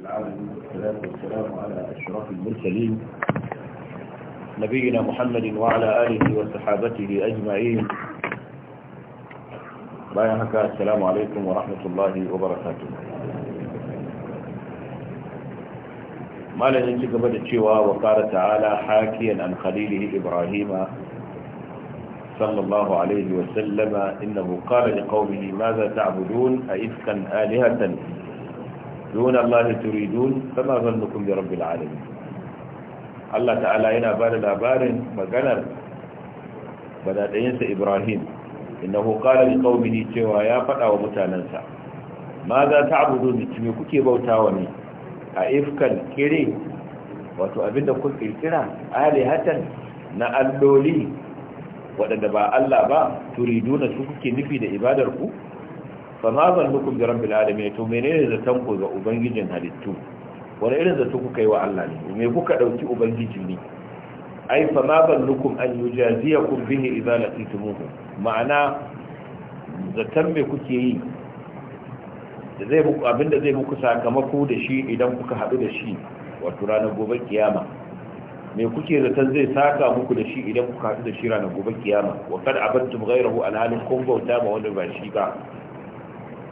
والسلام على أشرف المرسلين نبينا محمد وعلى آله وصحابته أجمعين بايعك السلام عليكم ورحمة الله وبركاته ما لن قبل شوى وقال تعالى حاكيا عن خليله إبراهيم صلى الله عليه وسلم إنه قال لقومه ماذا تعبدون أئفكا آلهة دون الله تريدون فما ظنكم برب العالمين الله تعالى هنا بعد الأبار مجنر بدأت ينسى إبراهيم إنه قال لقومه تيوى يا فتى ومتاننسى ماذا تعبدون تميكوكي بوتاوني أئفكا كيري وتؤبدا كل كيرا آلهة نألولي waɗanda ba Allah ba turiduna su kuke nufi da ibadarku fa ma da bi rabbil alamin to menene zaton ku ga ubangijin halittu wani irin zato kuka yi wa Allah ne me kuka dauki ubangiji ne ai fa ma zannukum an yujaziyakum bihi idza laqitumuhu ma'ana zaton me kuke yi da zai muku abinda zai muku sakamako da shi idan kuka hadu da shi wato ranar gobe kiyama me kuke zaton zai saka muku da shi idan kuka hadu da shi ranar gobe kiyama wa kad abattum ghayrahu alhalin kun bauta ma wanda ba shi ba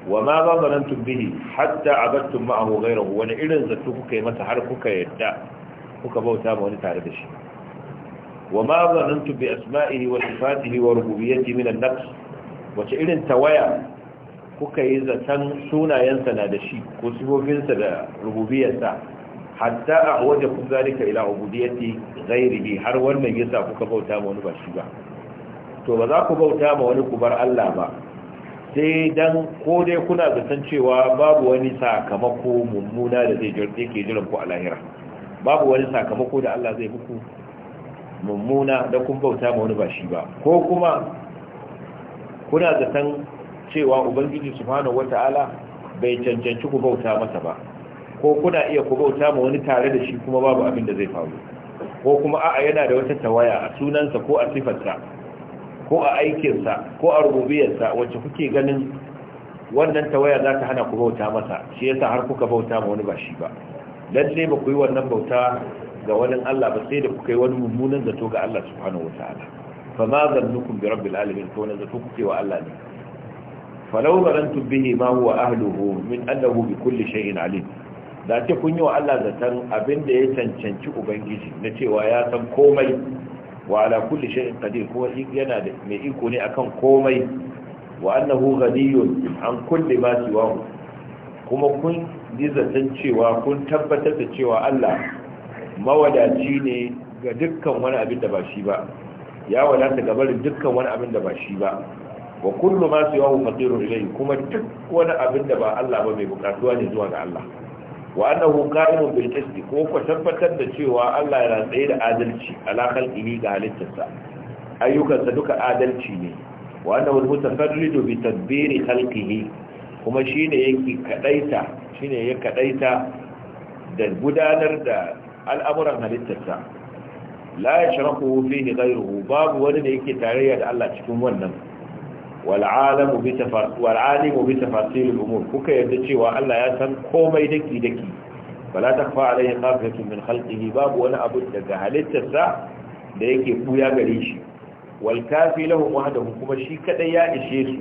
wa ma ba zanantum bihi hatta abattum ma'ahu ghayrahu wani irin zato kuka yi masa har kuka yadda kuka bauta ma wani tare da shi wa ma zanantum bi asma'ihi wa sifatihi wa rububiyyati min an-naqs wace irin tawaya kuka yi zaton sunayensa na da shi ko sifofinsa da rububiyarsa hatta a waje kun zalika ila ubudiyyati ghairihi har wannan yasa kuka bauta ma wani ba shi ba to ba za ku bauta ma wani ku bar Allah ba sai dan ko dai kuna zaton cewa babu wani sakamako mummuna da zai yake jiran ku a lahira babu wani sakamako da Allah zai muku mummuna da kun bauta ma wani ba shi ba ko kuma kuna zaton cewa ubangiji subhanahu wataala bai cancanci ku bauta masa ba ko kuna iya ku bauta ma wani tare da shi kuma babu abin da zai faru ko kuma a'a yana da wata tawaya a sunansa ko a sifarsa ko a aikinsa ko a rububiyarsa wacce kuke ganin wannan tawaya za ta hana ku bauta masa shi yasa har kuka bauta ma wani ba shi ba lalle ba ku yi wannan bauta ga wani Allah ba sai da kuka yi wani mummunan zato ga Allah subhanahu Ta'ala. fa ma zannukum bi rabbil alamin ko wannan zato kuke wa Allah ne falau zanantum bihi ma huwa ahluhu min annahu bi kulli shay'in alim da ce kun yi wa Allah zaton abin da ya cancanci ubangiji na cewa ya san komai wa ala kulli shay'in qadir kuma yana da mai iko ne akan komai wa annahu ghaniyun an kulli ma siwahu kuma kun ji cewa kun tabbatar da cewa Allah mawadaci ne ga dukkan wani abin da ba shi ba ya wadata ga barin dukkan wani abin da ba shi ba wa kullu ma siwahu faqirun ilayhi kuma duk wani abin da ba Allah ba mai bukatuwa ne zuwa ga Allah wa annahu qa'imun bil ko ko tabbatar da cewa Allah yana tsaye da adalci ala khalqihi ga halittarsa ayyukansa duka adalci ne wa annahu mutafarridu bi tadbiri khalqihi kuma shine yake kadaita shine ya kadaita da gudanar da al'amuran halittarsa la yashraku fihi ghayruhu babu wani da yake tarayya da Allah cikin wannan wal'alamu bi tafasir wal'alimu kuka yarda cewa Allah ya san komai daki daki fala takfa alayhi khafiyatun min khalqihi babu wani abu daga halittarsa da yake buya gare shi wal kafi lahum wahdahu kuma shi kadai ya ishe su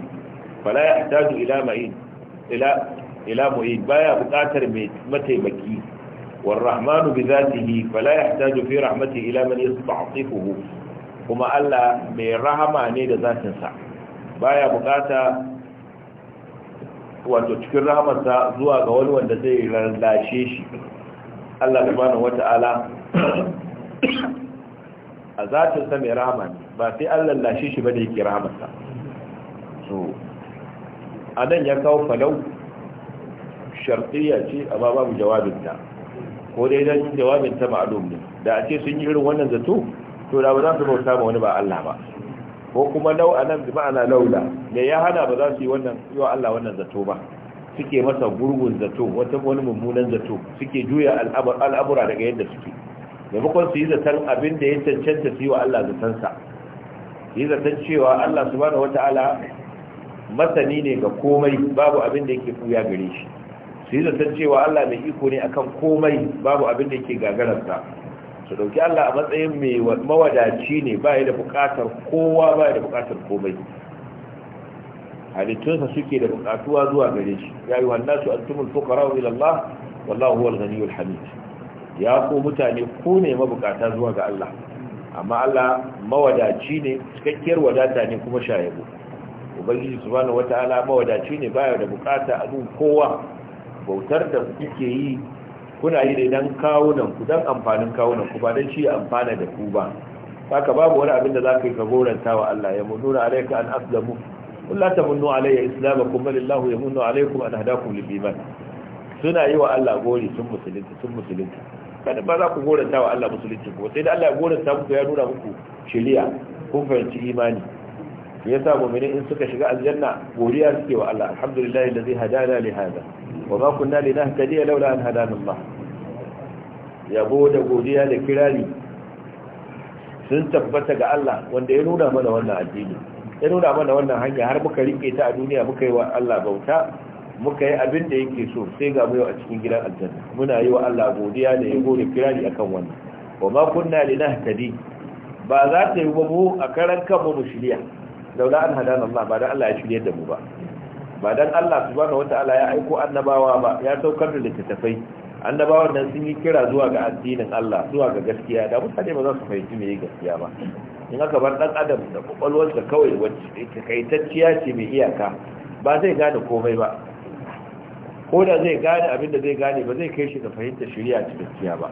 bala yahtaju ila ma'in ila ila mu'in baya buƙatar mai mataimaki bi والرحمن بذاته فلا يحتاج في رحمته إلى من يستعطفه كما ألا من رحمة ذات سعر baya bukata wato cikin rahamarsa zuwa ga wani wanda zai lalace shi Allah subhanahu wata'ala a zatin sa mai rahama ba sai Allah lalace shi bane yake rahamarsa so anan ya kawo falau shartiyya ce amma babu jawabinta ko dai dan jawabinta ma'lum ne da a ce sun yi irin wannan zato to da ba za su bauta ma wani ba Allah ba ko kuma lau a nan ma'ana laula me ya hana ba za su yi wannan yi wa Allah wannan zato ba suke masa gurgun zato wata wani mummunan zato suke juya al'amura daga yadda suke maimakon su yi zaton abin da ya cancanta su yi wa Allah zatonsa su yi zaton cewa Allah subhanahu wata'ala masani ne ga komai babu abin da yake kuya gare shi su yi zaton cewa Allah mai iko ne akan komai babu abin da yake gagararsa su dauki Allah a matsayin mai mawadaci ne ba da bukatar kowa ba da bukatar komai halittunsa suke da bukatuwa zuwa gare shi ya yi wannan su tumul fukara wa ilallah wallahu hamid ya ko mutane ku ne mabukata zuwa ga Allah amma Allah mawadaci ne cikakkiyar wadata ne kuma shayabu ubangiji subhanahu wataala mawadaci ne baya da bukata a kowa bautar da kuke yi kuna yi ne don kawunan ku don amfanin kawunan ku ba don shi amfana da ku ba ka babu wani abin da za ka yi ka goranta wa Allah ya na alaika an aslamu kun la alaiya islamu islamakum bal Allah munu alaikum an hada ku iman suna yi wa Allah gori sun musulunci sun musulunci kada ba za ku goranta wa Allah musulunci ko sai da Allah ya goranta muku ya nuna muku shari'a kun fahimci imani me yasa mu'mini in suka shiga aljanna godiya suke wa Allah alhamdulillah allazi hadana li hada wa ma kunna linahtadiya laula an hadana Allah yabo da godiya da kirari sun tabbata ga Allah wanda ya nuna mana wannan addini ya nuna mana wannan hanya har muka rike ta a duniya muka yi wa Allah bauta muka yi abin da yake so sai ga mu a cikin gidan aljanna muna yi wa Allah godiya da yabo da kirari akan wannan wa ma kunna linahtadi ba za ta yi wa mu a karan kanmu mu daula an hadana Allah ba dan Allah ya shirye da mu ba ba dan Allah subhanahu wataala ya aiko annabawa ba ya saukar da littattafai annabawan nan sun yi kira zuwa ga addinin Allah zuwa ga gaskiya da mutane ba za su fahimci me gaskiya ba in aka bar dan adam da kwakwalwarsa kawai wacce takaitacciya ce mai iyaka ba zai gane komai ba ko da zai gane abin da zai gane ba zai kai shi da fahimtar shari'a gaskiya ba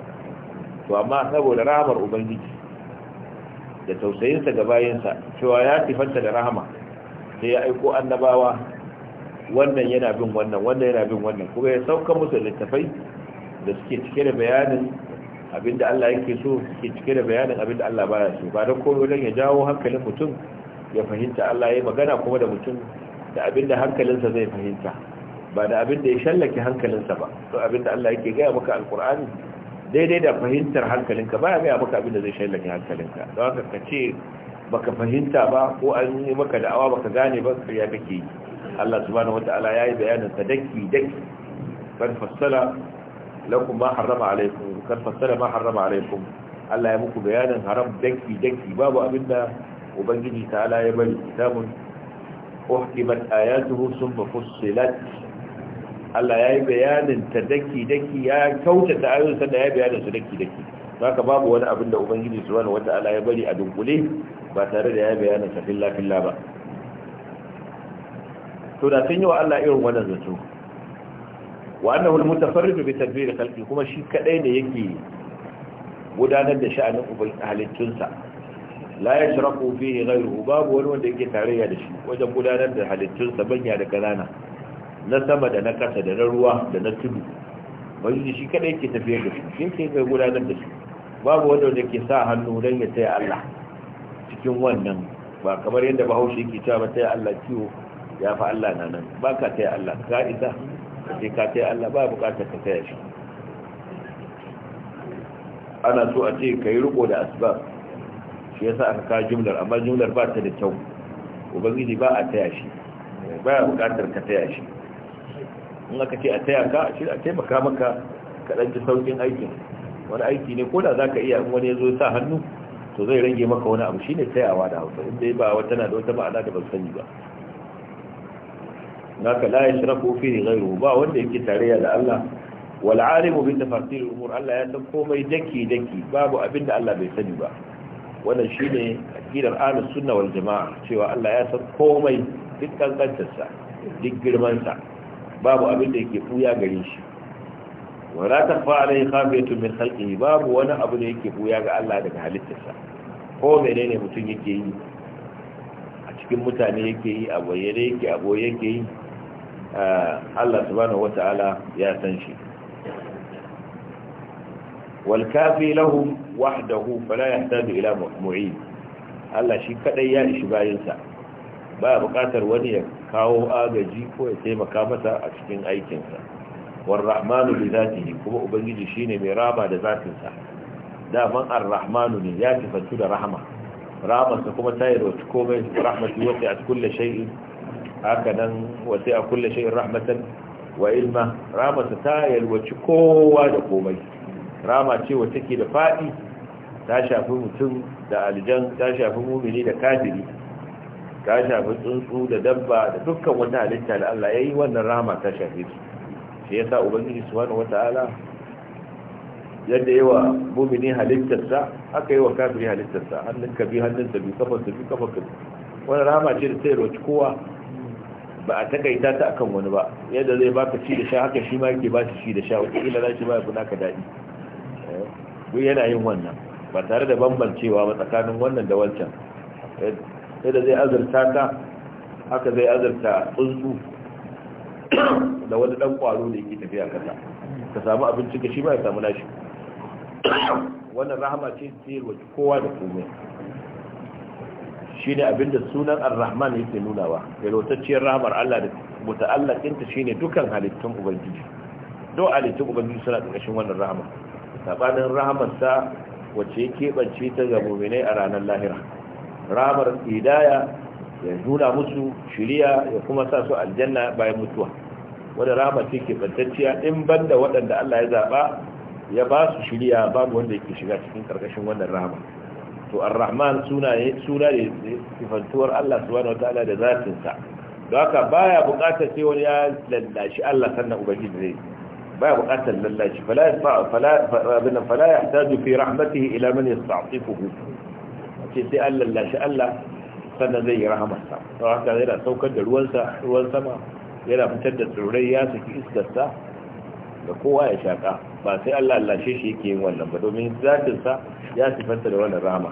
to amma saboda rahamar ubangiji da tausayinsa ga bayinsa cewa ya sifanta da rahama sai ya aiko annabawa wannan yana bin wannan wannan yana bin wannan kuma ya sauka musu littafai da suke cike da bayanin abin da Allah yake so suke cike da bayanin abin da Allah baya so ba don komai don ya jawo hankalin mutum ya fahimta Allah ya magana kuma da mutum da abin da hankalinsa zai fahimta ba da abin da ya shallake hankalinsa ba to da Allah yake gaya maka alkur'ani daidai da fahimtar hankalinka ba baya gaya maka abin da zai shallake hankalinka da haka ka ce baka fahimta ba ko an yi maka da'awa baka gane ba ya kake yi Allah subhanahu wata'ala yi bayanin sa daki daki kan fassara lakum ma harrama alaykum kan fassara ma harrama alaykum Allah ya muku bayanin haram daki daki babu abinda ubangiji ta'ala ya bari kitabun uhkimat ayatuhu summa fussilat Allah ya yi bayanin ta daki-daki ya kyautata ayyunsa da ya bayanin su daki-daki za ka babu wani abin da ubangiji su wani wanda Allah ya bari a dunkule ba tare da ya bayanin sa filla-filla ba to da sun yi wa Allah irin wannan zato wa annahu al-mutafarridu bi da khalqi kuma shi kadai ne yake gudanar da sha'anin ubangiji halittunsa la ya yashraku fihi ghayruhu babu wani wanda yake tarayya da shi wajen gudanar da halittunsa banya da kanana na sama da na kasa da na ruwa da na tudu ubangiji shi kadai ke tafiye da su shi ke kai gudanar da su babu wanda da ke sa hannu don ya taya Allah cikin wannan ba kamar yadda bahaushe ke cewa ba taya Allah ciwo ya fi Allah na nan ba ka taya Allah ka isa ka ce ka taya Allah ba bukatar ka taya shi ana so a ce ka yi riko da asibar shi ya sa aka ka jumlar amma jumlar ba ta da kyau ubangiji ba a taya shi ba bukatar ka taya shi in aka ce a taya ka a taimaka maka kaɗan ji saukin aikin wani aiki ne ko da za ka iya wani ya zo sa hannu to zai rage maka wani abu shine tayawa da hausa inda ba wata na da wata ma'ana da ban sani ba naka la yashraku fihi ghayruhu ba wanda yake tarayya da Allah wal alimu bi tafasil umur Allah ya san komai daki daki babu abinda Allah bai sani ba wannan shine akidar ahlus sunna wal jamaa cewa Allah ya san komai duk kankantar duk girman sa babu abin da yake fuya gare shi la tafa alai khafiyatu min khalqihi babu wani abu da yake fuya ga Allah daga halittarsa ko menene mutum yake yi a cikin mutane yake yi a bayyane yake a boye yake yi Allah subhanahu wata'ala ya san shi wal kafi lahum wahdahu fala yahtaju ila mu'in Allah shi kadai ya shi bayinsa ba buƙatar wani ya kawo agaji ko ya taimaka mata a cikin aikinsa warrahmanu bi zatihi kuma ubangiji shine mai rama da zatinsa daman arrahmanu ne ya fatu da rahama ramarsa kuma ta yi rauci komai rahmatu wasi a kulle shay'in haka nan wasi a kulle shay'in rahmatan wa ilma ramarsa ta yalwaci kowa da komai rama ce wacce ke da faɗi ta shafi mutum da aljan ta shafi mumini da kafiri ta shafi tsuntsu da dabba da dukkan wata halitta da Allah ya yi wannan rama ta shafi su shi ya sa ubangiji wata wata'ala yadda yi wa bumini halittarsa aka yi wa kafiri halittarsa hannun ka bi hannun sa bi kafa sa bi kafa ka wani rama ce da sai roci kowa ba a takaita ta akan wani ba yadda zai baka ci da sha haka shi ma yake ba shi ci da sha wata ila za shi ba ya fi naka daɗi eh, duk yana yin wannan ba tare da bambancewa ba tsakanin wannan da wancan eh, yadda zai azurta ka haka zai azurta tsuntsu da wani dan kwaro da yake tafiya kasa ka samu abinci ka shi ba ya samu nashi wannan rahama ce tsirwa kowa da komai shine abinda sunan ar-rahman yake nunawa yalotacciyar rahamar Allah da shi shine dukan halittun ubangiji don halittun ubangiji suna ƙarƙashin wannan rahama sabanin rahamarsa wacce ya keɓance ta ga a ranar lahira ramar hidaya ya nuna musu shirya ya kuma sa su aljanna bayan mutuwa wadda rama ce ke in banda waɗanda Allah ya zaɓa ya ba su shiriya babu wanda yake shiga cikin ƙarƙashin wannan rama to ar-rahman suna ne suna ne sifantuwar Allah subhanahu wataala da zatinsa don haka baya buƙatar sai wani ya lallashi Allah sannan ubangiji zai baya buƙatar lallashi fala fala fala yahtaju fi rahmatihi ila man yasta'tifuhu ce sai an lallashi Allah sannan zai yi rahamarsa don haka yana saukar da ruwan sama yana fitar da tsirrai ya suke iskarsa da kowa ya shaƙa ba sai Allah lashe shi yake yin wannan ba domin zatinsa ya sifanta da wannan rama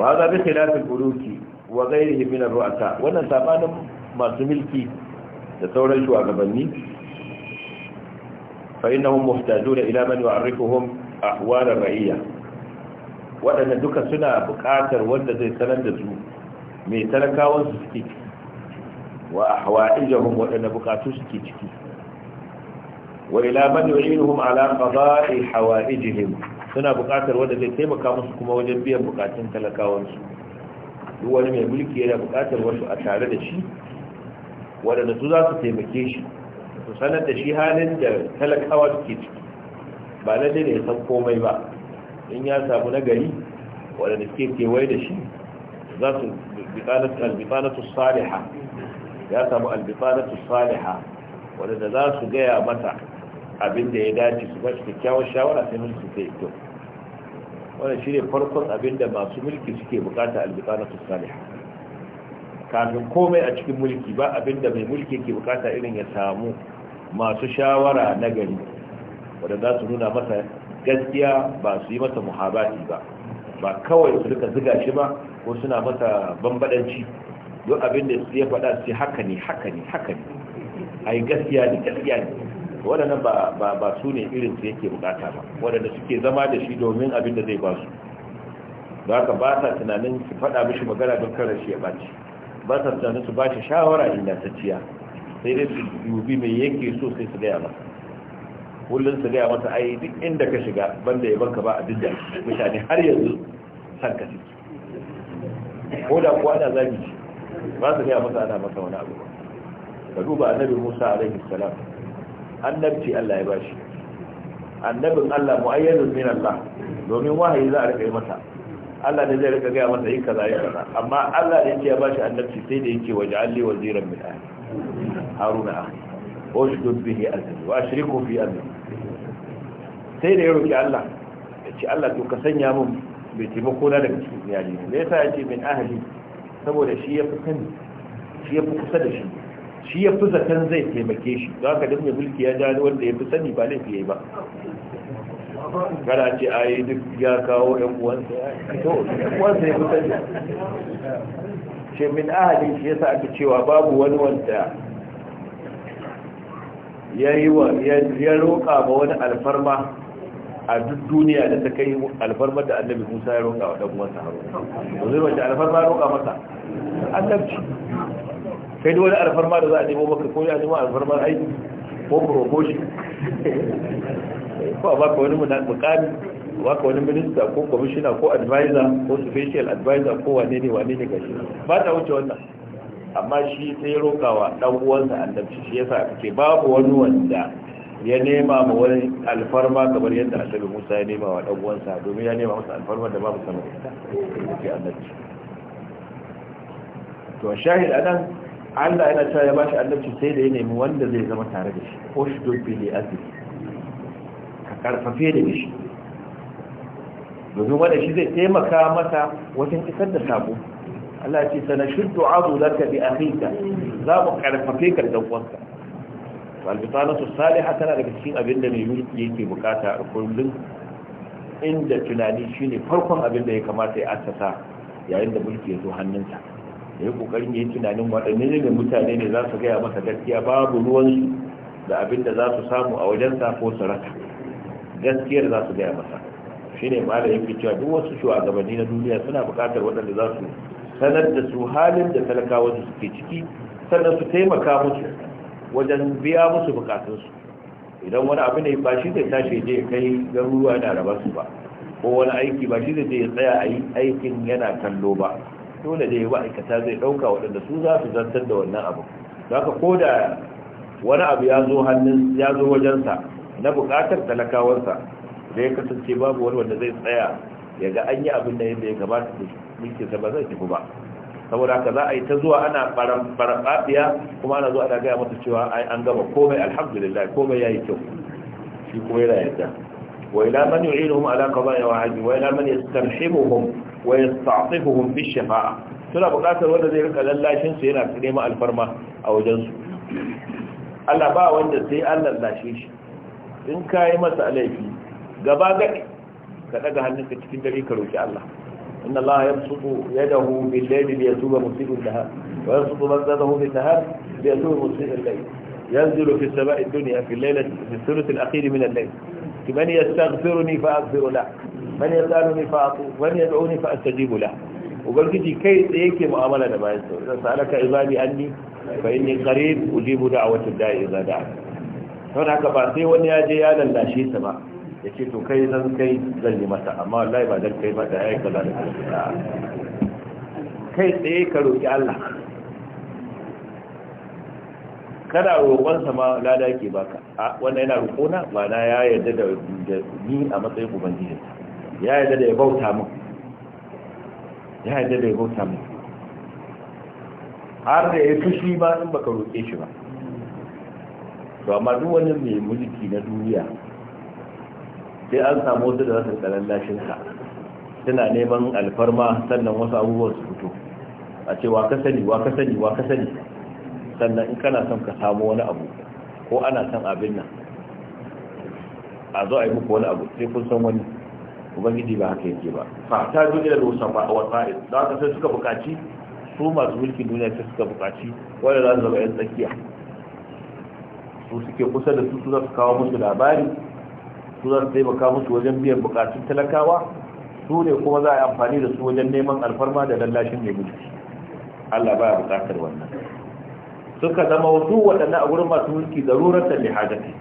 wa haza bi khilafil buluki wa ghayrihi min ar-ru'asa wannan sabanin masu milki da sauran shugabanni fa innahum muhtajuna ila man yu'arrifuhum ahwal ar-ra'iyya waɗanda duka suna buƙatar wanda zai sanar da su mai talakawansu suke ciki wa jahun waɗanda buƙatu suke ciki wa ila man yu'inuhum ala qada'i hawa'ijihim suna buƙatar wanda zai taimaka musu kuma wajen biyan buƙatun talakawansu duk wani mai mulki yana buƙatar wasu a tare da shi waɗanda su za su taimake shi su sanar da shi halin da talakawa suke ciki ba na da ya san komai ba in ya samu nagari, gari waɗanda suke kewaye da shi za su albifanatu saliha ya samu albifanatu saliha waɗanda za su gaya mata abin da ya dace su ba su kyakkyawar shawara sai mulki ta yi kyau Wadanda shi ne farkon abin da masu mulki suke bukata albifanatu saliha kafin komai a cikin mulki ba abin da mai mulki ke bukata irin ya samu masu shawara na gari wadda za su nuna masa gaskiya ba su yi mata muhabati ba ba kawai su duka ziga shi ba ko suna mata bambadanci duk abin da su ya faɗa su haka ne haka ne haka ne ai gaskiya ne gaskiya ne waɗannan ba su ne irin su yake bukata ba waɗanda suke zama da shi domin abin da zai ba su ba ka ba sa tunanin su faɗa mishi magana don kare shi ya baci ba sa tunanin su ba shi shawara ingantacciya sai dai su dubi mai yake so sai su gaya masa kullum su gaya masa ai duk inda ka shiga banda yaban ka ba a duk da mutane har yanzu san ka ciki ko da kuwa ana zabi ce ba su gaya masa ana masa wani abu ka duba annabi musa alaihi salam annabci allah ya bashi annabin allah mu'ayyanun min allah domin wahayi za a rika yi masa Allah ne zai rika gaya masa yin kaza yin kaza amma Allah ne ya bashi annabci sai da yake waje alli waziran min ahli haruna akhi washdud bihi azri wa ashriku fi amri sai da ya roƙi Allah ya ce Allah to ka sanya mun bai taimako na daga cikin iyali ne da yasa ya ce min ahli saboda shi ya fi sani shi ya fi kusa da shi shi ya fi zaton zai taimake shi don haka duk mai mulki ya jani wanda ya fi sani ba laifi ya yi ba kada ce a yi duk ya kawo yan uwansa to yan uwansa ya fi sani ce min ahli shi yasa aka cewa babu wani wanda ya yi wa ya roƙa ba wani alfarma a duk duniya da ta kai alfarmar da annabi musa ya roƙa wa ɗan uwansa haru ba zai wace alfarma roƙa masa annabci kai da wani alfarma da za a nemo maka ko ya nemo alfarmar aiki ko promotion ko a baka wani mukami baka wani minista ko kwamishina ko advisor ko special advisor ko wane ne wane ne gashi ba ta wuce wannan amma shi sai wa ɗan uwansa annabci shi yasa ake babu wani wanda ya nema ma wani alfarma kamar yadda annabi Musa ya nema wa dan uwansa domin ya nema masa alfarma da babu sama ita ke annabci to shahid nan, Allah yana cewa ya bashi annabci sai da ya nemi wanda zai zama tare da shi ko shi ushdud bihi azri ka karfafe da shi domin wanda shi zai taimaka masa wajen isar da sabo Allah ya ce sana shuddu azu ka bi akhika za mu karfafe ka da uwanka albitanatu saliha tana daga cikin abin da mai yake bukata a kullum inda tunani ne farkon abin da ya kamata ya assasa yayin da mulki ya zo hannunsa ya yi kokarin ya yi tunanin waɗanne ne mutane ne za su gaya masa gaskiya babu ruwansu da abin da za su samu a wajensa ko su rasa gaskiyar za su gaya masa shine malam yake cewa duk wasu shugabanni na duniya suna bukatar waɗanda za su sanar da su halin da talakawa suke ciki sannan su taimaka musu wajen biya musu bukatunsu idan wani abu ne ba shi zai tashi je kai garuruwa da raba su ba ko wani aiki ba shi zai tsaya a yi aikin yana kallo ba dole da yawa ma'aikata zai ɗauka waɗanda su za su zantar da wannan abu za ka ko da wani abu ya zo hannun ya zo wajensa na bukatar talakawarsa da ya kasance babu wani wanda zai tsaya ya ga an yi abin da yadda ya kamata da mulkinsa ba zai tafi ba saboda haka za a yi ta zuwa ana barababiya kuma ana zuwa ana gaya mata cewa ai an gama komai alhamdulillah komai yayi kyau shi kuma yana yadda wa ila man yu'inuhum ala qada'i wa hajji wa ila man yastarhimuhum wa yasta'tifuhum bi shafa'a suna buƙatar wanda zai rika lallashin su yana neman alfarma a wajen su Allah ba wanda sai an lallashe shi in kai masa laifi gaba gadi ka daga hannunka cikin dare ka roki Allah إن الله يبسط يده بالليل ليتوب مسيء النهار ويبسط مسيئته بالنهار ليتوب مسيء الليل ينزل في السماء الدنيا في الليلة في الثلث الأخير من الليل من يستغفرني فأغفر له من يسألني فأعطيه من يدعوني فأستجيب له لي كيف يكي مؤاملة لما يسأل إذا سألك عبادي أني فإني قريب أجيب دعوة الداعي إذا دعني هناك بعثي وأني أجي أنا لا شيء سماه ya ce to kai zan kai zan yi mata amma wallahi ba zan kai ba da ya yi kaza da kaza kai tsaye ka roƙi Allah kana roƙonsa ma lada yake baka a wannan yana roƙona ba na ya yarda da ni a matsayin ubangiji ya yarda da ya bauta mu ya yarda da ya bauta min har da ya fushi ba in baka roƙe shi ba to amma duk wani mai mulki na duniya sai an samu wasu da rasa tsaron lashinsa suna neman alfarma sannan wasu abubuwan su fito a ce wa ka sani wa ka sani wa ka sani sannan in kana son ka samu wani abu ko ana son abin nan a zo a yi muku wani abu sai kun san wani ubangiji ba haka yake ba fa ta zo ila wasu ba a wasa'il da ka sai suka buƙaci su masu mulkin duniya sai suka buƙaci wanda za su zama yan tsakiya su suke kusa da su su za su kawo musu labari su za su taimaka musu wajen biyan bukatun talakawa su ne kuma za a yi amfani da su wajen neman alfarma da lallashin mai mulki Allah baya bukatar wannan suka zama wasu waɗanda a wurin masu mulki zarurar da hajjati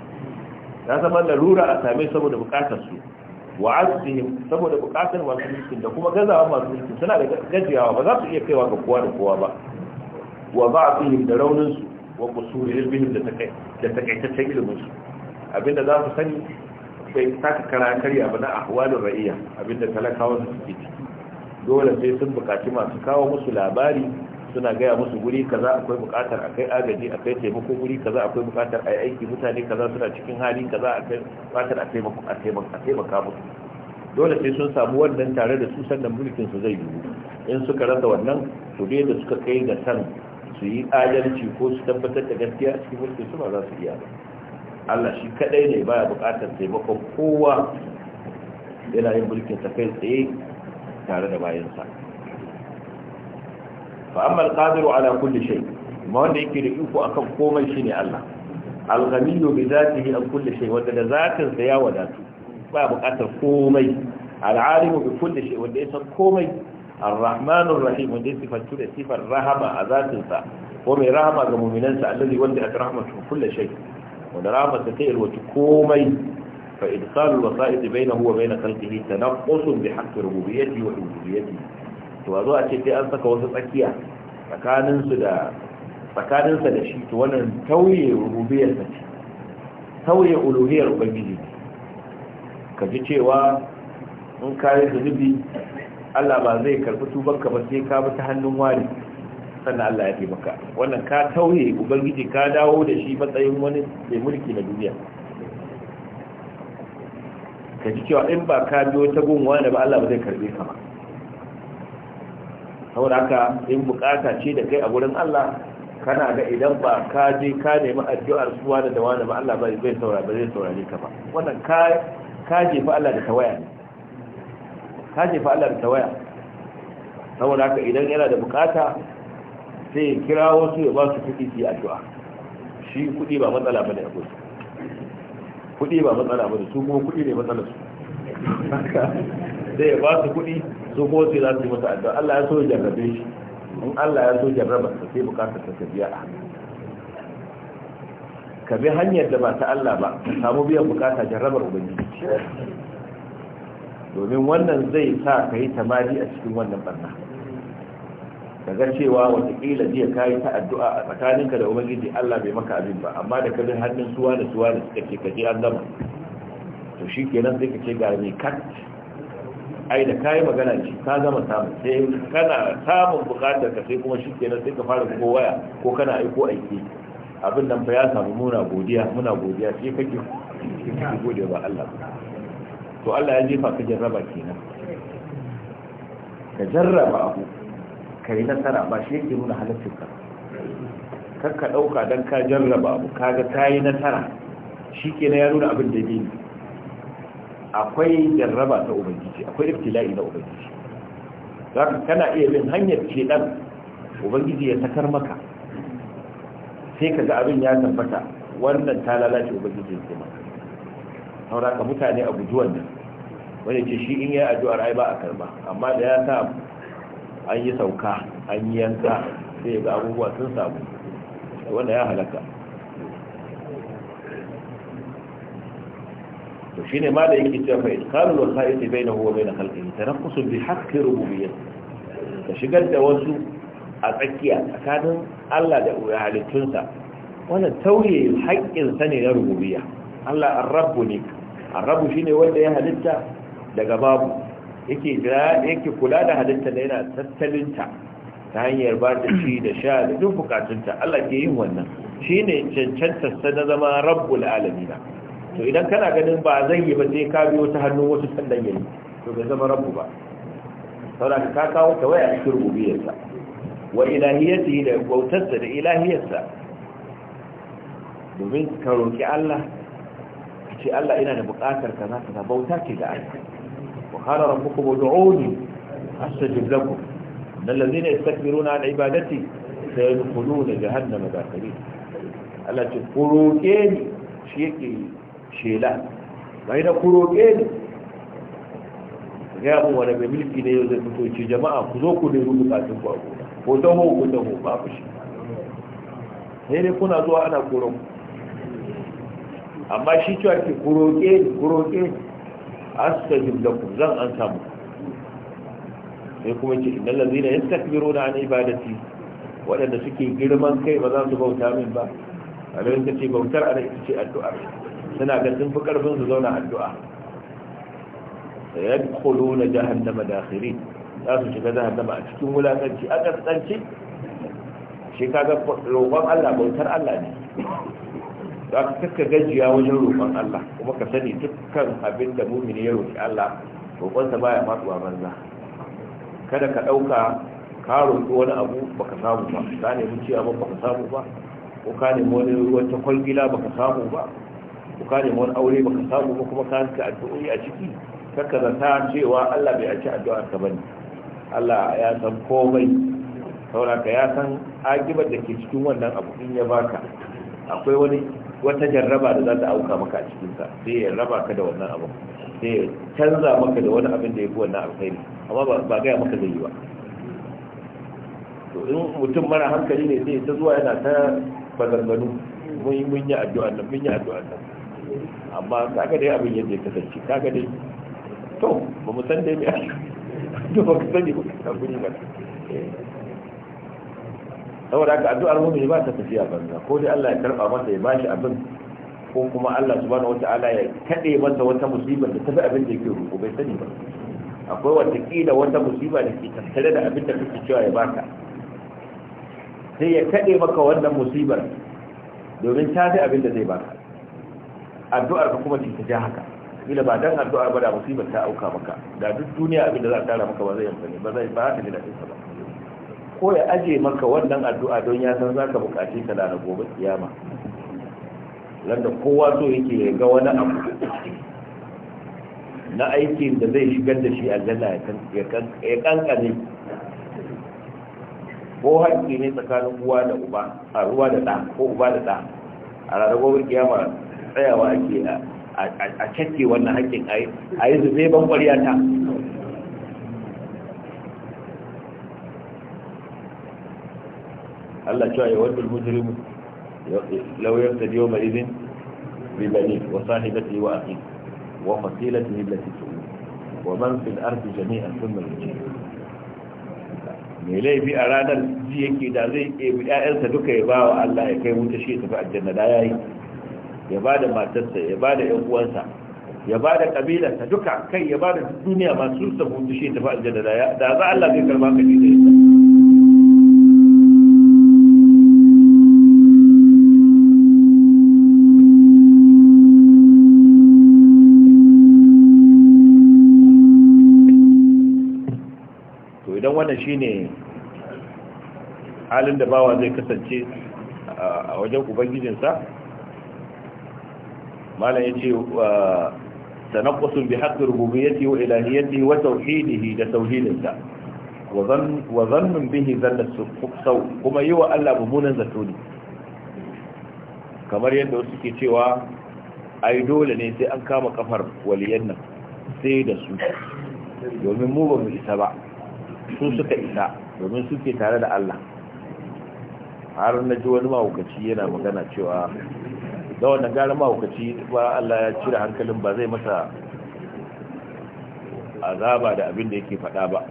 ya zama larura a same saboda bukatar su wa azihim saboda bukatar masu mulkin da kuma gazawa masu mulkin suna da gajiyawa ba za su iya kaiwa ga kowa da kowa ba wa ba'dihim da raunin su wa qusuri da da takaitaccen ilimin su abinda za su sani sai saka kara karya ba na ahwalin ra'iya abinda talakawa su suke ciki dole sai sun bukaci masu kawo musu labari suna gaya musu guri kaza akwai bukatar akai agaji akai taimako guri kaza akwai bukatar ai aiki mutane kaza suna cikin hali kaza akai bukatar a taimako a a taimaka musu dole sai sun samu wannan tare da su sannan mulkin su zai yiwu in suka rasa wannan to dai da suka kai ga san su yi adalci ko su tabbatar da gaskiya a cikin mulkin su ba za su iya ba Allah shi kadai ne baya bukatar taimakon kowa yana yin mulkin sa kai tsaye tare da bayansa fa amma al-qadiru ala kulli shay ma wanda yake da iko akan komai shine Allah al-ghaniyyu bi zatihi an kulli shay wanda da zatin sa ya wadatu ba bukatar komai al-alimu bi kulli shay wanda ya san komai الرحمن الرحيم wanda ya sifantu da sifar rahama a zatinsa ko mai rahama ga muminansa allazi wanda aka rahmatu kullu shay wanda rahmata ta yalwaci komai fa idsalul wasa'id bainahu wa bain khalqihi tanaqqusun bi haqqi rububiyyati wa uluhiyyati to wazo a ce sai an saka wasu tsakiya tsakanin su da tsakanin sa da shi to wannan tauye rububiyyar sa ce tauye uluhiyyar ubangiji ka ji cewa in kayi zunubi Allah ba zai karbi tubanka ba sai ka bi ta hannun wani sannan Allah ya taimaka wannan ka tauye ubangiji ka dawo da shi matsayin wani mai mulki na duniya ka ji cewa in ba ka biyo ta gunwa da ba Allah ba zai karbe ka ba saboda haka in bukata ce da kai a gurin Allah kana ga idan ba ka je ka nemi addu'ar suwa da wani ba Allah ba zai saurare ba zai saurare ka ba wannan ka ka jefa Allah da tawaya ne ka jefa Allah da tawaya saboda haka idan yana da bukata sai ya kira wasu ya ba su kuɗi su yi addu'a shi kuɗi ba matsala bane a gudu kuɗi ba matsala bane su kuma kuɗi ne matsala su sai ya ba su kuɗi su kuma su za su yi masa addu'a Allah ya so jarrabe shi in Allah ya so jarraba sa sai bukatar ta biya a ka bi hanyar da ba ta Allah ba ka samu biyan bukata jarrabar ubangiji domin wannan zai sa ka yi tamari a cikin wannan barna ga cewa watakila jiya ka yi ta addu'a a tsakaninka da ubangiji Allah bai maka abin ba amma da kabin hannun suwa da suwa da suka ce kaje an gama to shi kenan sai ka ce ga mai kat ai da kayi magana ce ka gama samun sai kana samun bukatar ka sai kuma shi kenan sai ka fara ko waya ko kana aiko aiki abin nan fa ya samu muna godiya muna godiya sai kake gode ba Allah to Allah ya jefa ka jarraba kenan ka jarraba abu ka yi nasara ba shi yake nuna halittar ka kar ka ɗauka don ka jarraba abu kaga ka yi nasara shi ke ya nuna abin da ne akwai jarraba ta ubangiji akwai iftila'i na ubangiji za ka kana iya bin hanyar ce ɗan ubangiji ya sakar maka sai ka ga abin ya tabbata wannan ta lalace ubangiji ya kuma saura ka mutane a guji nan wani ce shi in yi addu'ar ai ba a karba amma da ya sa an yi sauka an yi yanka sai ga abubuwa sun samu wanda ya halaka to shine ma da yake cewa fa bai na khayt bainahu wa bain khalqihi tanaqqusun bi haqqi rububiyyah ta shigar da wasu a tsakiya tsakanin Allah da halittunsa wannan tauye haƙƙin sa ne na rububiyya Allah ar-rabb ne ar-rabb shine wanda ya halitta daga babu yake jira yake kula da halitta da yana tattalinta ta hanyar ba da shi da sha da duk bukatunta Allah ke yin wannan shi ne cancanta sa na zama rabbul alamina to idan kana ganin ba zai yi ba sai ka biyo ta hannu wasu sandan yayi to bai zama rabbu ba saboda ka kawo ta waya a cikin rububiyarsa wa ilahiyatihi da bautarsa da ilahiyarsa domin ka roki Allah ce Allah ina da bukatar kaza kaza bauta ce ga Allah وقال ربكم ادعوني أستجب لكم إن الذين يستكبرون عن عبادتي سيدخلون جهنم داخلين ألا تقولوكين شيكي شيلا وإن قولوكين ya mu wani mai mulki ne yau zai fito ce jama'a ku zo ku nemi bukatun ku a ko taho ko ba ku shi sai dai kuna zuwa ana amma shi cewa kuroke kuroke astajib lakum zan an samu sai kuma ce innal ladina yastakbiruna an ibadati waɗanda suke girman kai ba za su bauta min ba a lokacin ka ce bautar ana ita ce addu'a suna ga sun fi karfin su zauna addu'a sayadkhuluna jahannama dakhirin za su shiga jahannama a cikin wulakanci a kasance shi kaga roƙon Allah bautar Allah ne da aka kakka gajiya wajen roƙon Allah kuma ka sani dukkan abin da mumini ya roƙi Allah roƙonsa baya faɗuwa banza kada ka ɗauka ka roƙi wani abu baka samu ba ka nemi ba baka samu ba ko ka nemi wani ruwan ta kwangila baka samu ba ko ka nemi wani aure baka samu ba kuma ka ka addu'o'i a ciki kakka zata cewa Allah bai aci addu'a ka bane Allah ya san komai saboda ka ya san agibar da ke cikin wannan abu in ya baka akwai wani wata jarraba da za ta auka maka a cikinsa sai ya raba ka da wannan abin sai ya canza maka da wani abin da ya fi wannan alkhairi amma ba gaya maka zai yi ba to in mutum mara hankali ne sai ta zuwa yana ta bazanganu mun yi addu'a nan mun yi addu'a nan amma kaga dai abin yadda ya kasance kaga dai to ba mu san dai me aka to ba ka sani ba ka sani ba saboda haka addu'ar mu'mini ba ta tafiya banza ko dai Allah ya karba masa ya bashi abin ko kuma Allah subhanahu wata'ala ya kade masa wata musibar da tafi abin da yake roƙo bai sani ba akwai wata kila wata musiba da ke tattare da abin da kake cewa ya baka sai ya kade maka wannan musibar domin ta fi abin da zai baka addu'ar ka kuma ce ta haka kila ba dan addu'ar ba da musibar ta auka maka da duk duniya abin da za ta tara maka ba zai yi ba zai ba ta da daɗin ba ko ya aje maka wannan addu'a don ya san zaka bukaci ta na gobe kiyama landa kowa so yake ya ga wani abu na aikin da zai shigar da shi aljanna ya kankane ko haƙƙi ne tsakanin uwa da uba a ruwa da ɗa ko uba da ɗa a ranar gobe kiyama tsayawa ake a cakke wannan haƙƙin a yi zube ban ƙwariya ta Allah cewa ya wadda mujrimu law yaftadi yawma idhin bi bani wa sahibati wa akhi wa fasilatihi allati tu'u wa man fil ardi jami'an thumma yujib me laifi a ranar ji yake da zai ɗebi ƴaƴansa duka ya bawa Allah ya kai wuta shi tafi aljanna da yayi ya bada matarsa ya bada ƴan uwansa ya ba da kabilarsa duka kai ya ba da duniya masu sabu shi tafi aljanna da za Allah zai karba ka ne da wannan ne halin da bawa zai kasance a wajen ubangijinsa malam ya ce tanakkusun bi haqqi rububiyyati wa ilahiyyati wa tauhidihi da tauhidinsa wa zannun bihi zanna sau kuma yi wa Allah mummunan zato ne kamar yadda wasu ke cewa ai dole ne sai an kama kafar waliyan nan sai da su domin mu ba mu isa ba su suka isa domin suke tare da Allah har na ji wani mahaukaci yana magana cewa da wannan gara mahaukaci ba Allah ya cire hankalin ba zai masa azaba da abin da yake faɗa ba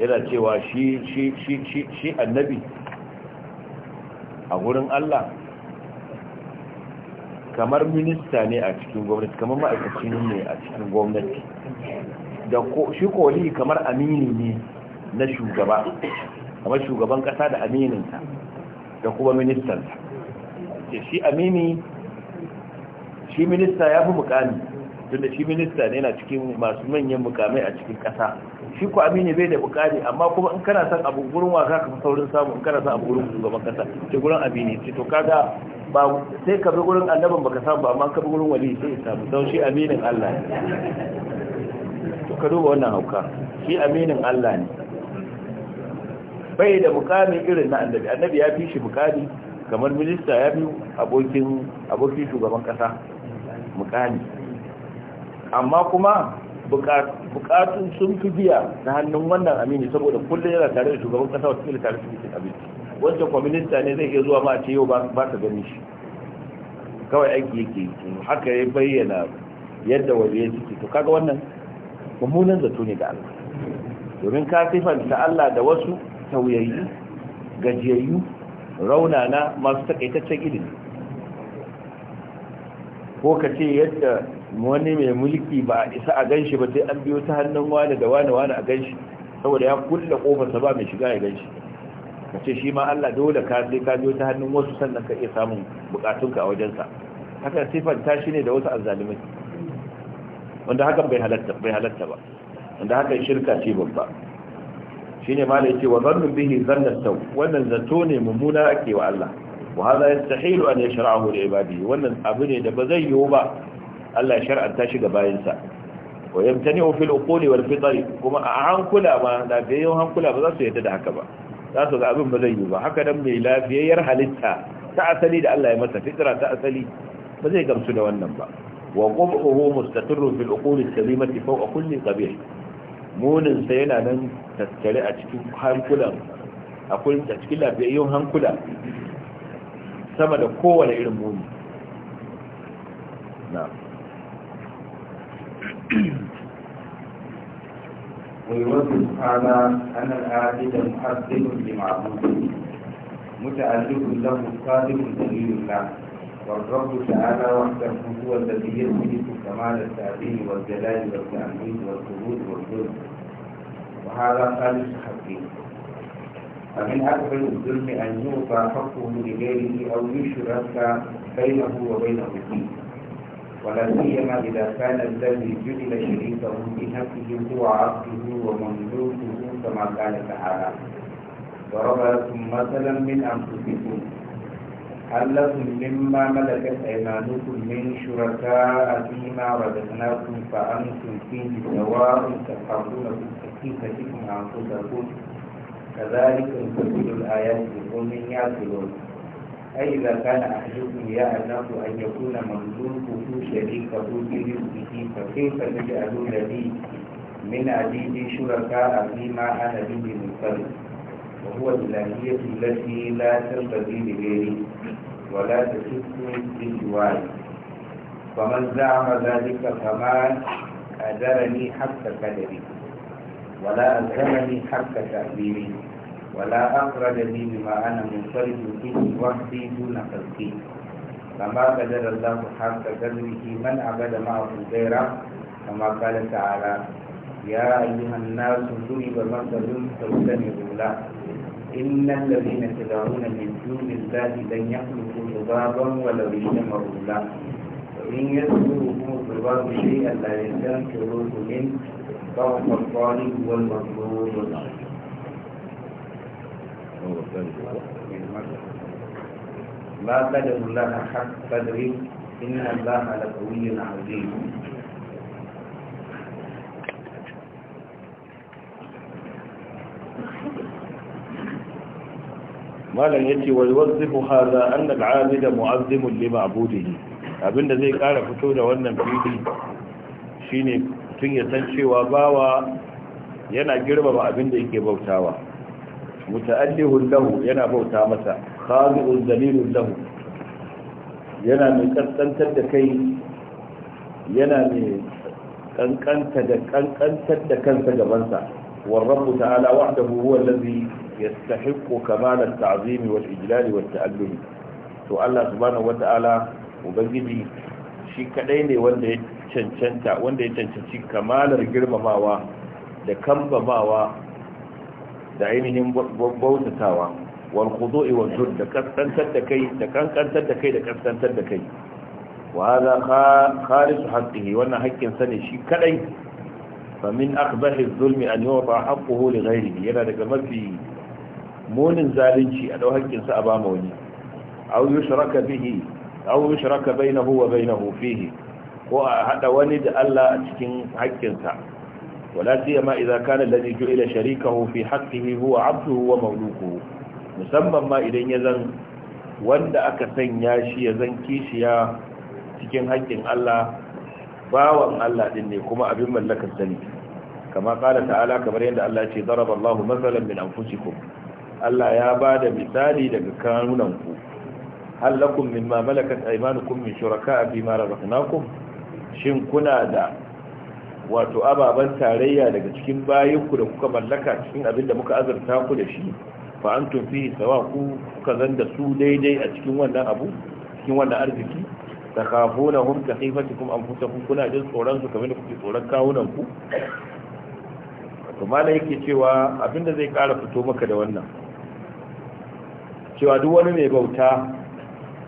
yana cewa shi shi shi shi shi annabi a gurin Allah kamar minista ne a cikin gwamnati kamar ma'aikacin ne a cikin gwamnati da shi koli kamar amini ne na shugaba kamar shugaban kasa da amininsa da kuma ministansa ce shi amini shi minista ya fi mukami da shi minista ne yana cikin masu manyan mukamai a cikin kasa shi ku amini bai da bukari amma kuma in kana son abu gurin wasa ka fi saurin samu in kana son abu gurin shugaban kasa ce gurin amini ce to kaga ba sai ka bi gurin annabin baka samu ba amma ka bi gurin wali sai ya samu don shi aminin Allah ka duba wannan hauka shi aminin Allah ne bai da mukami irin na annabi annabi ya fi shi mukami kamar minista ya fi abokin abokin shugaban kasa mukami amma kuma bukatun sun fi biya ta hannun wannan amini saboda kullum yana tare da shugaban kasa wata kila tare da cikin abinci wanda kwaminista ne zai iya zuwa ma ce yau ba ta gani shi kawai aiki yake haka ya bayyana yadda waje ya ciki to kaga wannan mummunan zato ne da Allah domin ka sifanta Allah da wasu tauyayyu gajiyayyu raunana masu takaitaccen ilimi ko ka ce yadda wani mai mulki ba a isa a ganshi ba sai an biyo ta hannun wani da wani wani a ganshi saboda ya kulle kofarsa ba mai shiga ya ganshi ka ce shi ma Allah dole ka sai ka biyo ta hannun wasu sannan ka iya samun bukatunka a wajensa haka sifanta shi ne da wasu azzalumai wanda hakan bai halatta bai halatta ba wanda hakan shirka ce babba shine malai ce wa zannu bihi zanna sau wannan zato ne mummuna ake wa Allah wa hadha yastahilu an yashra'ahu li ibadi. wannan abu ne da ba zai yiwu ba Allah ya shar'anta shi ga bayinsa wa yamtani'u fil uquli wal kuma a hankula ma da bayan hankula ba za su yadda da haka ba za su ga abin ba zai yiwu ba haka dan mai lafiyayyar halitta ta asali da Allah ya masa fitra ta asali ba zai gamsu da wannan ba وقبحه مستقر في الأقول السليمة فوق كل قبيح مون سينا من تتكلا أتكلا هنكلا أقول تتكلا بأيهم هنكلا سمد قوة لإلم مون نعم ويوزي سبحانه أن الآجد محدد لمعبوده متعلق له قادم دليل الله والرب تعالى وحده هو الذي يملك كمال التعليم والجلال والتعميد والخلود والظلم وهذا خالص حقي فمن أكبر الظلم أن يعطى حقه لغيره أو يشرك بينه وبينه فيه ولا سيما إذا كان الذي جعل شريكه بنفسه هو عبده ومملوكه كما قال تعالى ضرب لكم مثلا من أنفسكم Allahun min ma malaka tsaimanu kun min shuraka a cikin mara da sanarkun fa’an sun fi yi da wa’un tafafu na sun fi kashi kun hafi da ku, ka za a yi kan kwadilun ya su lo. A yi a yi su ya a ku su shari ka su fi yi su fi yi su fi yi su fi yi su fi yi su fi yi su fi yi su fi yi su fi yi su fi yi su fi yi ولا تشكني في جواري فمن زعم ذلك فما أدرني حق قدري ولا ألزمني حق تأديري ولا أخرجني بما أنا منفرد به وحدي دون خلقي فما قدر الله حق قدره من عبد معه غيره كما قال تعالى يا أيها الناس ضرب مثل فاستمعوا له إن الذين تدعون من دون الله لن يخلقوا ذبابا ولو اجتمعوا له وإن يسلبهم الذباب شيئا لا يستنكروه منه ضعف الطالب والمطلوب ما قدر الله حق قدره إن الله لقوي عزيز malam yace wa yuwazzifu hadha da al lima mu'azzimun li ma'budihi abinda zai kara fito da wannan fili shine tun ya san cewa bawa yana girmama abinda yake bautawa muta'addihun lahu yana bauta masa khadi'un dalilun lahu yana mai kaskantar da kai yana mai kankanta da kankantar da kansa gabansa والرب تعالى وحده هو الذي يستحق كمال التعظيم والإجلال والتألم تو الله سبحانه وتعالى وبنجي shi kadai ne wanda ya cancanci kamalar girmamawa da kambamawa da ainihin bautatawa wal khudu'i wal jud da kaskantar da kai da kankantar da kai da kaskantar da kai wa hadha khalis haqqihi wannan haƙƙin sa ne shi kadai famin akbahi zulmi an yuwa haqquhu li ghayrihi yana daga mafi munin zalunci a dau haƙƙinsa a ba ma wani aw yushraka bihi bai na huwa bai na hufihi, ko a haɗa wani da Allah a cikin Wala sa wala siyama idza kana alladhi ila sharikahu fi haqqihi huwa 'abduhu wa mawlukuhu musamman ma idan ya zan wanda aka sanya shi ya zan kishiya cikin haƙƙin Allah bawan Allah din ne kuma abin mallakar sani kama kala ta'ala kamar yadda Allah ce daraba Allahu masalan min anfusikum Allah ya bada misali daga kanunan ku hal lakum mimma malakat aymanukum min shuraka fi ma razaqnakum shin kuna da wato ababan tarayya daga cikin bayinku da kuka mallaka cikin abin da muka azurta ku da shi fa antum fihi sawa ku ka zanda su daidai a cikin wannan abu cikin wannan arziki takhafunahum kakhifatikum anfusakum kuna jin tsoron su kamar da kuke tsoron kawunan ku to malai yake cewa abinda zai kara fito maka da wannan cewa duk wani mai bauta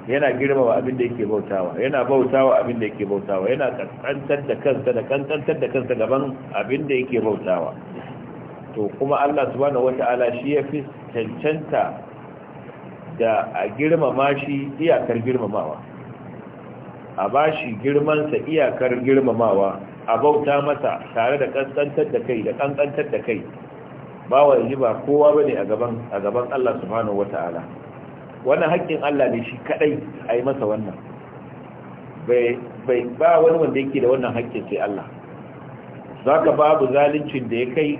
yana girmama abin da yake bautawa yana bautawa abin da yake bautawa yana kankantar da kansa da kankantar da kansa gaban abin da yake bautawa to kuma Allah subhanahu wata'ala shi ya fi cancanta da a girmama shi iyakar girmamawa a bashi girmansa iyakar girmamawa a bauta masa tare da kankantar da kai da kankantar da kai ba wa yi ba kowa bane a gaban a gaban Allah subhanahu wataala wannan haƙƙin Allah ne shi kadai a yi masa wannan bai bai ba wani wanda yake da wannan haƙƙin sai Allah zaka babu zaluncin da ya kai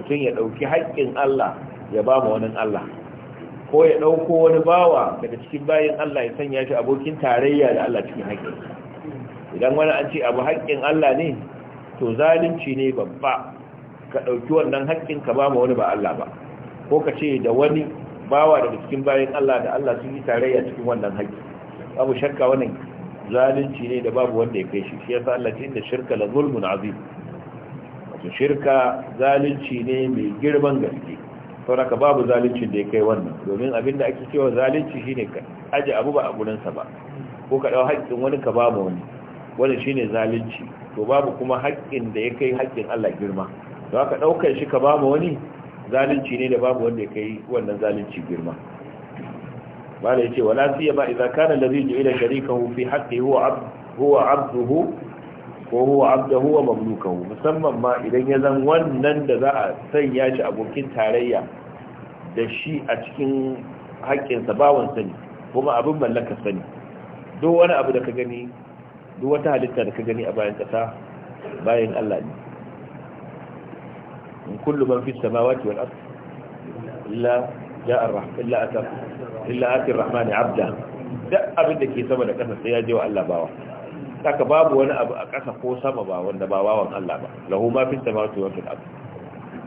mutum ya dauki haƙƙin Allah ya ba mu wani Allah ko ya ɗauko wani bawa daga cikin bayan Allah ya sanya shi abokin tarayya da Allah cikin haƙƙin idan wani an ce abu haƙƙin Allah ne to zalunci ne babba ka ɗauki wannan haƙƙin ka ba ma wani ba Allah ba ko ka ce da wani bawa daga cikin bayan Allah da Allah sun yi tarayya cikin wannan haƙƙi babu shakka wannan zalunci ne da babu wanda ya kai shi shi yasa Allah ce da shirka la zulmun azim wato shirka zalunci ne mai girman gaske ka babu zalunci da ya kai wannan domin abin da ake cewa zalunci shine ka aje abu ba a sa ba ko ka dau haƙƙin wani ka ba wani wani shine zalunci to babu kuma haƙƙin da ya kai haƙƙin Allah girma to haka daukar shi ka ba wani zalunci ne da babu wanda ya kai wannan zalunci girma bala yace wala ba idza kana alladhi ju'ila sharikahu fi haqqi huwa abd huwa abduhu ko huwa abdahu wa mamlukahu musamman ma idan ya zan wannan da za a sanya shi abokin tarayya da shi a cikin haƙƙinsa bawan sani kuma abin mallaka sani duk wani abu da ka gani duk wata halitta da ka gani a bayan ƙasa bayan Allah ne in kullu man fi samawati wal ard illa ja'a ar-rahman illa ata illa ati ar-rahman 'abda duk abin da ke sama da ƙasa sai ya je wa Allah bawa saka babu wani abu a ƙasa ko sama ba wanda ba bawan Allah ba lahu ma fi samawati wal ard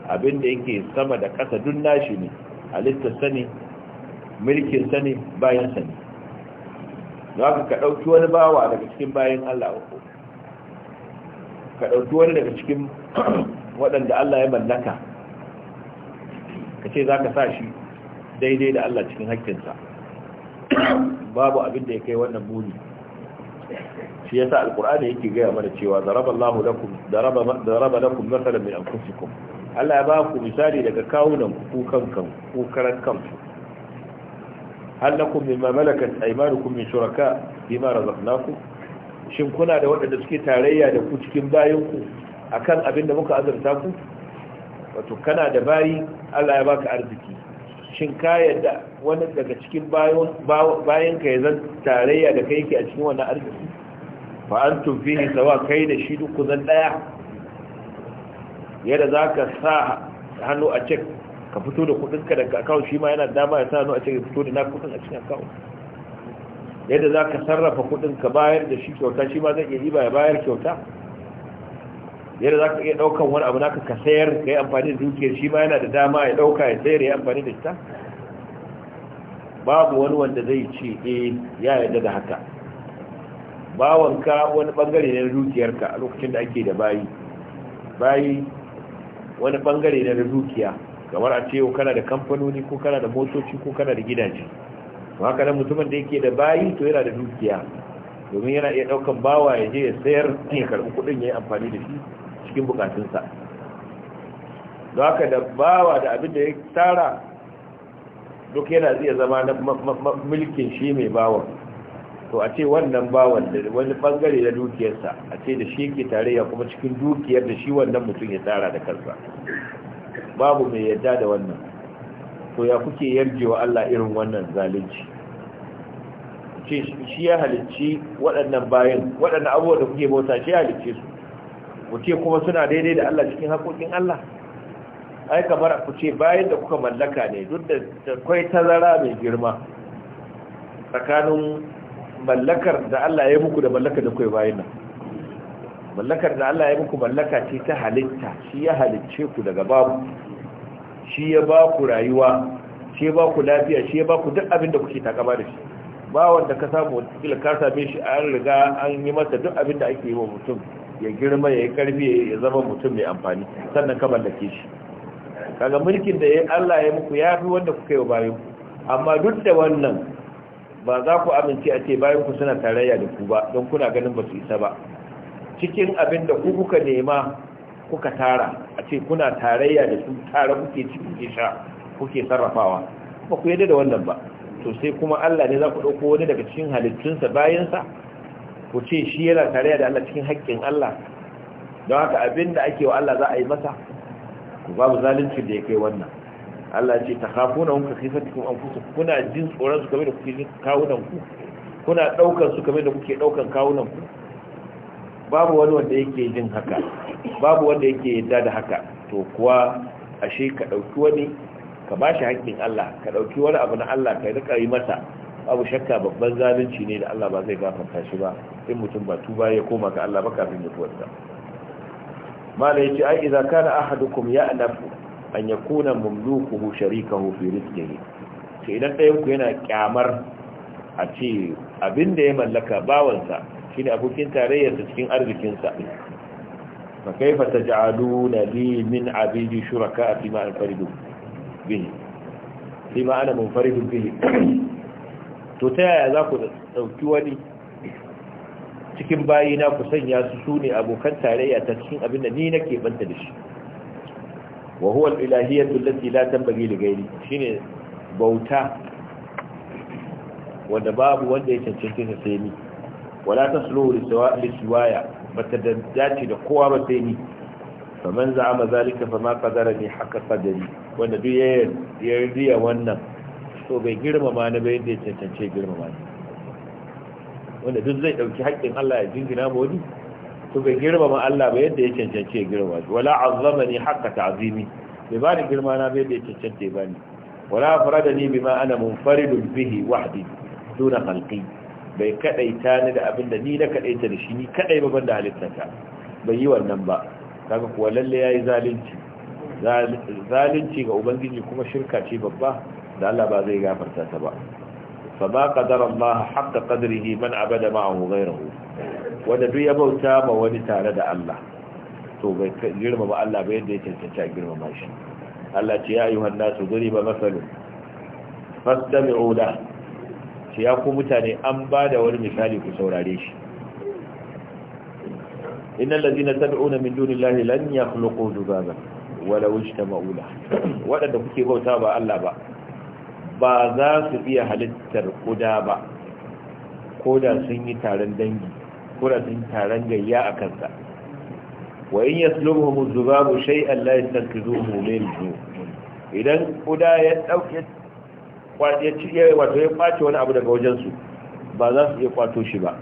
abin da yake sama da ƙasa duk nashi ne halittar sani mulkin sani bayan sani don haka ka ɗauki wani bawa daga cikin bayan Allah uku ka ɗauki wani daga cikin waɗanda Allah ya mallaka ka ce za ka sa shi daidai da Allah cikin haƙƙinsa babu abin da ya kai wannan buri shi yasa alƙur'ani yake gaya mana cewa daraba Allahu lakum daraba daraba lakum masalan min anfusikum Allah ya ba ku misali daga kawunan ku kankan ku karan kanku hal lakum mimma malakat aymanukum min shuraka bima razaqnakum shin kuna da waɗanda suke tarayya da ku cikin bayan ku akan abin da muka azurta ku wato kana da bayi Allah ya baka arziki shin ka yadda wani daga cikin bayan ka ya zan tarayya da kai ke a cikin wannan arziki fa an tumfi ne sawa kai da shi duk zan daya yadda za ka sa hannu a cek ka fito da kudinka daga akawun shi ma yana dama ya sa hannu a cek ya fito da na kudin a cikin akawun yadda za ka sarrafa kudinka bayar da shi kyauta shi ma zai iya riba ya bayar kyauta yadda za ka iya daukan wani abu naka ka sayar ka yi amfani da dukiyar shi ma yana da dama ya dauka ya sayar ya yi amfani da ita babu wani wanda zai ce eh ya yadda da haka bawanka wani bangare ne na dukiyarka a lokacin da ake da bayi bayi wani bangare na dukiya kamar a ce kana da kamfanoni ko kana da motoci ko kana da gidaje to haka mutumin da yake da bayi to yana da dukiya domin yana iya daukan bawa ya je ya sayar ya karbi kudin ya yi amfani da shi cikin bukatunsa don haka da bawa da abin da ya tara duk yana zai zama na mulkin shi mai bawa to a ce wannan bawan da wani bangare na dukiyarsa a ce da shi ke tarayya kuma cikin dukiyar da shi wannan mutum ya tsara da kansa babu mai yadda da wannan to ya kuke yarje wa Allah irin wannan zalunci ce shi ya halicci waɗannan bayan waɗannan abubuwa da kuke bauta shi ya halicce su ku ce kuma suna daidai da Allah cikin haƙoƙin Allah ai kamar ku ce bayan da kuka mallaka ne duk da kai tazara mai girma tsakanin mallakar da Allah ya muku da mallakar da kai bayin nan mallakar da Allah ya muku mallaka ce ta halitta shi ya halicce ku daga babu shi ya ba ku rayuwa shi ya ba ku lafiya shi ya ba ku duk abin da kuke takama da shi ba wanda ka samu watakila ka same shi an riga an yi masa duk abin da ake yi wa mutum ya girma ya yi karfi ya zama mutum mai amfani sannan ka mallake shi kaga mulkin da ya Allah ya muku ya fi wanda kuka yi wa bayan amma duk da wannan ba za ku amince a ce bayan ku suna tarayya da ku ba don kuna ganin ba su isa ba cikin abin da ku kuka nema kuka tara a ce kuna tarayya da su tara kuke ci kuke sha kuke sarrafawa ba ku yadda da wannan ba to sai kuma Allah ne za ku ɗauko wani daga cikin halittunsa bayansa ku ce shi yana tarayya da Allah cikin haƙƙin Allah don haka abin da ake wa Allah za a yi masa ku babu zalunci da ya kai wannan Allah ce ta kafuna hun ka fata kuma amfusa kuna jin tsoron su kamar da kuke jin kawunan ku kuna ɗaukar su kamar da kuke ɗaukar kawunan ku babu wani wanda yake jin haka babu wanda yake yadda da haka to kuwa ashe ka ɗauki wani ka ba shi haƙƙin Allah ka ɗauki wani abu na Allah ka riƙa yi masa abu shakka babban zalunci ne da Allah ba zai gafarta shi ba in mutum ba tuba ya koma ga Allah ba kafin mutuwarsa ya ce ai idza kana ahadukum ya'lafu an yakuna mamlukuhu sharikahu fi rizqihi to idan ɗayan ku yana kyamar a ce abinda ya mallaka bawansa shine abokin tarayyarsa cikin arzikinsa fa kaifa taj'aluna li min abidi shuraka fi ma anfaridu bihi fi ma ana munfaridu bihi to ta yaya za ku dauki wani cikin bayina ku sanya su sune abokan tarayya ta cikin abinda ni nake banta da shi wa huwa al-ilahiyatu allati la tanbaghi li ghayri shine bauta wanda babu wanda ya cancanta ta sai ni wala taslu li siwaya bata dace da kowa ba sai ni faman za'ama zalika fama qadara ni haqqa qadari wanda duk ya yarda wannan to bai girmama na bai da ya cancance girmama ne wanda duk zai dauki haƙƙin Allah ya jingina ma wani to girma ma Allah ba yadda ya cancanci ya girma wala wala azzamani haqqa ta'zimi bai bani girma na bai da cancanta ba bani wala faradani bima ana munfaridun bihi wahdi duna khalqi bai kadaita ni da abinda ni na ta da shi ni kadai ba banda halittata bai yi wannan ba kaga kuwa lalle yayi zalunci zalunci ga ubangiji kuma shirka ce babba da Allah ba zai gafarta ta ba fa ma qadara Allah haqqa qadrihi man abada ma'ahu wanda duk ya bauta ba wani tare da Allah to bai girmama Allah ba yadda ya cancanci girma girmama shi Allah ce ya su nasu ba masalu. fastami'u la ce ya ku mutane an ba da wani misali ku saurare shi innal ladina tad'una min dunillahi lan yakhluqu dhubaban wala ijtama'u la wadanda kuke bauta ba Allah ba ba za su iya halittar kuda ba ko da sun yi taron dangi kuradin taron gayya a kansa wa in yaslubhum zubabu shay'an la yastankizuhu minhu idan kuda ya dauke kwace ci ya wato ya kwace wani abu daga wajen su ba za su iya kwato shi ba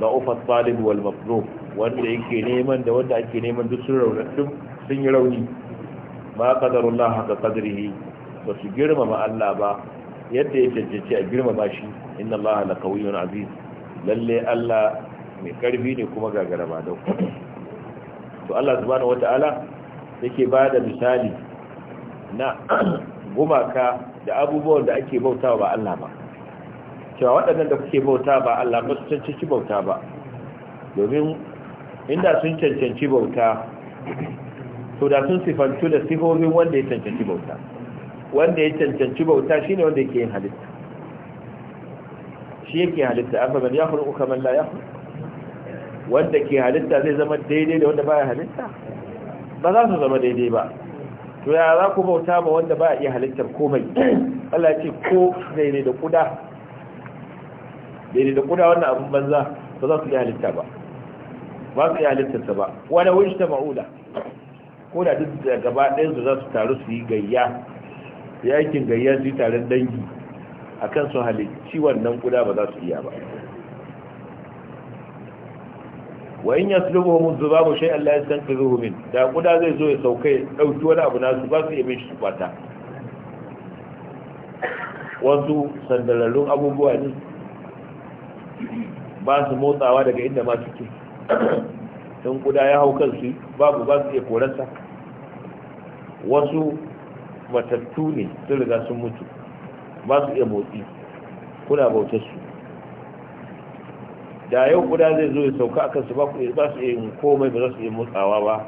ba ufa talib wal maqlub wanda yake neman da wanda ake neman duk sun raunatu sun yi rauni ma qadarullah haka qadrihi ba su girmama Allah ba yadda ya cancanci a girmama shi inna Allah la aziz lalle Allah mai karfi ne kuma gagara ba dau to Allah subhanahu wata'ala yake ba da misali na gumaka da abubuwan da ake bauta ba Allah ba cewa waɗannan da kuke bauta ba Allah ba su cancanci bauta ba domin inda sun cancanci bauta to da sun sifantu da sifofin wanda ya cancanci bauta wanda ya cancanci bauta shine wanda yake yin halitta shi yake halitta amma ya yakhluqu kaman la yakhluqu wanda ke halitta zai zama daidai da wanda ya halitta ba za su zama daidai ba to ya za ku bauta ma wanda ba iya halittar komai Allah ya ce ko daidai da kuda daidai da kuda wannan abun banza ba za su iya halitta ba ba su iya halittarsa ba wani wani ta ma'ula ko da duk da gaba ɗayan su za su taru su yi gayya yakin gayya su yi taron dangi akan su halicci wannan kuda ba za su iya ba wa in yaslubuhum dhubabu shay'an la yastanqidhuhu min da kuda zai zo ya sauka ya dauki wani abu nasu ba su iya bin shi kwata wasu sandalalun abubuwa ne ba su motsawa daga inda ma suke in kuda ya hau kansu babu ba su iya korarsa wasu matattu ne sun riga sun mutu ba su iya motsi kuna bautar su da yau kuda zai zo ya sauka a kansu ba su yin komai ba za su yi motsawa ba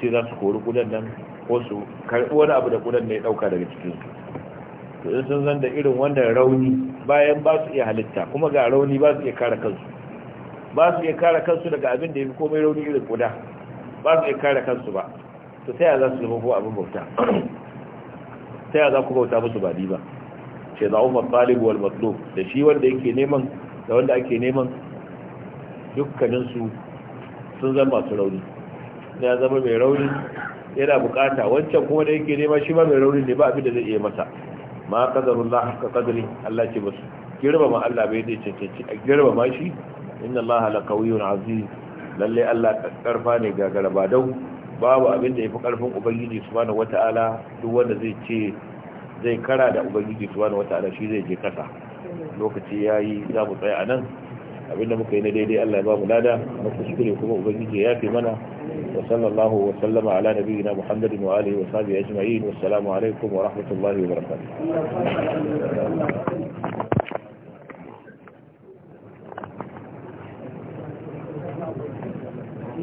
sai za su kori kudan nan ko su karɓi wani abu da kudan ne ya ɗauka daga cikin su to in sun zan da irin wannan rauni bayan ba su iya halitta kuma ga rauni ba su iya kare kansu ba su iya kare kansu daga abin da ya fi komai rauni irin kuda ba su iya kare kansu ba to sai za su zama ko abin bauta sai za ku bauta musu ba ba ce za'u matalib wal matlub da shi wanda yake neman da wanda ake neman dukkaninsu sun zama masu rauni ya zama mai rauni yana bukata wancan kuma da yake nema shi ma mai rauni ne ba abin da zai iya masa ma kadarun la haka kadari Allah ce basu girma ma Allah bai zai cancanci a girma ma shi inna Allah la qawiyyun aziz lalle Allah karfa ne ga garabadau babu abin da yafi karfin ubangiji subhanahu wataala duk wanda zai ce zai kara da ubangiji subhanahu wataala shi zai je kasa lokaci ya yi za mu tsaya a nan abinda muka yi na daidai Allah ya ba mu lada na kuskure kuma ubangiji ya fi mana wa sallallahu wa sallama ala nabiyina muhammadin wa alihi wa sahbihi ajma'in alaikum wa rahmatullahi wa barakatuh